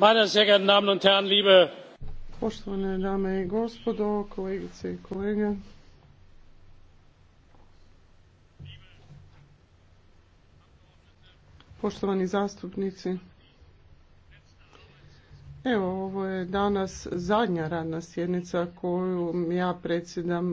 meine sehr geehrten Damen und Herren, Poštovane dame i gospodo, kolegice i kolege. Poštovani zastupnici. Evo, ovo je danas zadnja radna sjednica koju ja predsjedam